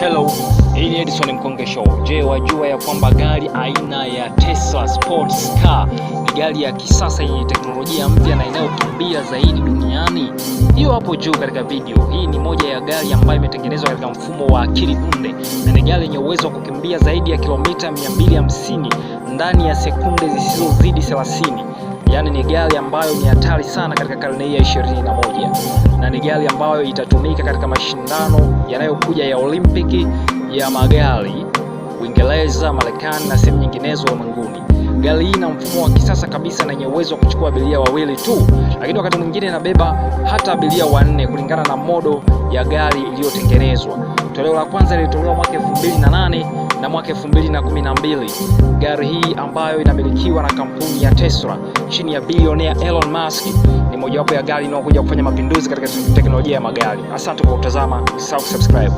Hello, hii ni Edison Mkonge Show. Je, wajua ya kwamba gari aina ya Tesla Sports Car ni gari ya kisasa yenye teknolojia mpya na inayokimbia zaidi duniani? Hiyo hapo juu katika video hii ni moja ya gari ambayo imetengenezwa katika mfumo wa akili unde na ni gari yenye uwezo wa kukimbia zaidi ya kilomita 250 ndani ya sekunde zisizozidi 30. Yaani ni gari ambayo ni hatari sana katika karne hii ya 21 gari ambayo itatumika katika mashindano yanayokuja ya Olimpiki ya magari Uingereza, Marekani na sehemu nyinginezo ulimwenguni. Gari hii ina mfumo wa kisasa kabisa na yenye uwezo wa kuchukua abiria wawili tu, lakini wakati mwingine inabeba hata abiria wanne kulingana na modo ya gari iliyotengenezwa. Toleo la kwanza lilitolewa mwaka 2008 mwaka 2012. Gari hii ambayo inamilikiwa na kampuni ya Tesla chini ya bilionea Elon Musk ni mojawapo ya gari inayokuja kufanya mapinduzi katika teknolojia ya magari. Asante kwa kutazama, usisahau subscribe.